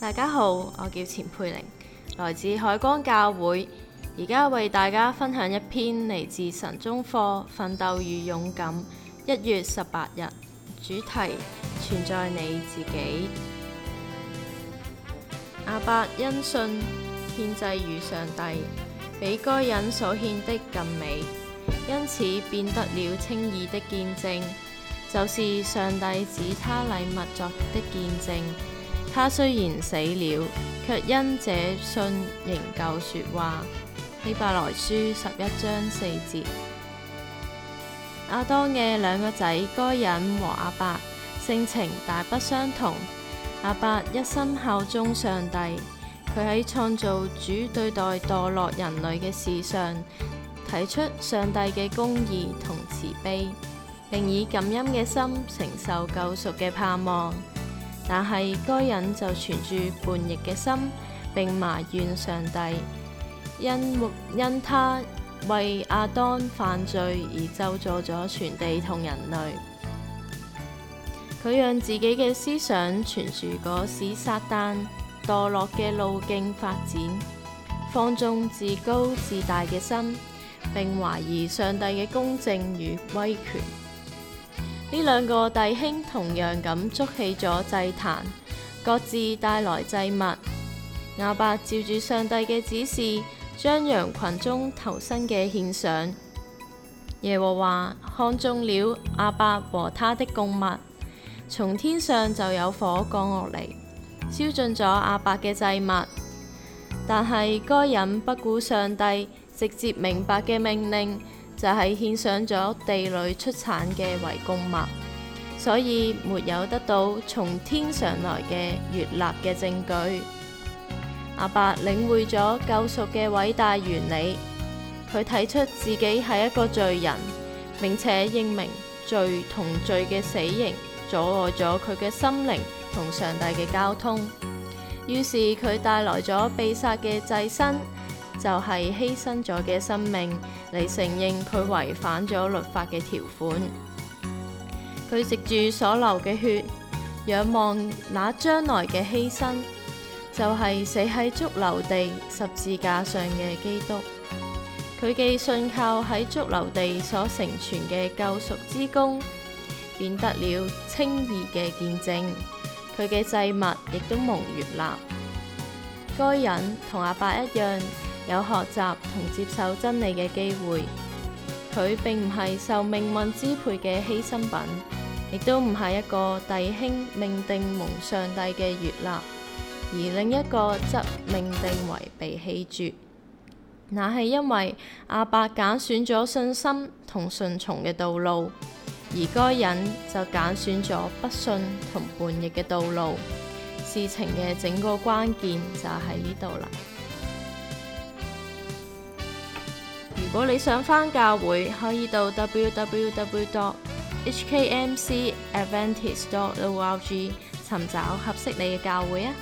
大家好，我叫錢佩玲，來自海光教會，而家為大家分享一篇嚟自神中課《奮鬥與勇敢》，一月十八日，主題全在你自己。亞伯因信獻祭於上帝，比該人所獻的更美，因此變得了稱義的見證，就是上帝指他禮物作的見證。他雖然死了，卻因這信仍舊說話。希伯來書十一章四節。阿當嘅兩個仔，該隱和阿伯，性情大不相同。阿伯一心效忠上帝，佢喺創造主對待墮落人類嘅事上，提出上帝嘅公義同慈悲，並以感恩嘅心承受救贖嘅盼望。但係該人就存住叛逆嘅心，並埋怨上帝，因因他為亞當犯罪而咒詛咗全地同人類。佢讓自己嘅思想存住嗰時撒旦墮落嘅路徑發展，放縱自高自大嘅心，並懷疑上帝嘅公正與威權。呢兩個弟兄同樣咁築起咗祭壇，各自帶來祭物。亞伯照住上帝嘅指示，將羊群中頭生嘅獻上。耶和華看中了亞伯和他的供物，從天上就有火降落嚟，燒盡咗亞伯嘅祭物。但係該隱不顧上帝直接明白嘅命令。就係獻上咗地裏出產嘅為供物，所以沒有得到從天上來嘅悅納嘅證據。亞伯領會咗救贖嘅偉大原理，佢睇出自己係一個罪人，並且認明罪同罪嘅死刑阻礙咗佢嘅心靈同上帝嘅交通，於是佢帶來咗被殺嘅祭牲。就係犧牲咗嘅生命嚟承認佢違反咗律法嘅條款。佢藉住所流嘅血，仰望那將來嘅犧牲，就係、是、死喺骷髏地十字架上嘅基督。佢嘅信靠喺骷髏地所成全嘅救贖之功，便得了稱義嘅見證。佢嘅祭物亦都蒙悅納。該隱同亞伯一樣。有學習同接受真理嘅機會，佢並唔係受命運支配嘅犧牲品，亦都唔係一個弟兄命定蒙上帝嘅悅納，而另一個則命定為被棄絕。那係因為阿伯揀選咗信心同順從嘅道路，而該人就揀選咗不信同叛逆嘅道路。事情嘅整個關鍵就喺呢度啦。如果你想返教會，可以到 www.hkmcadvantage.org 尋找合適你嘅教會啊！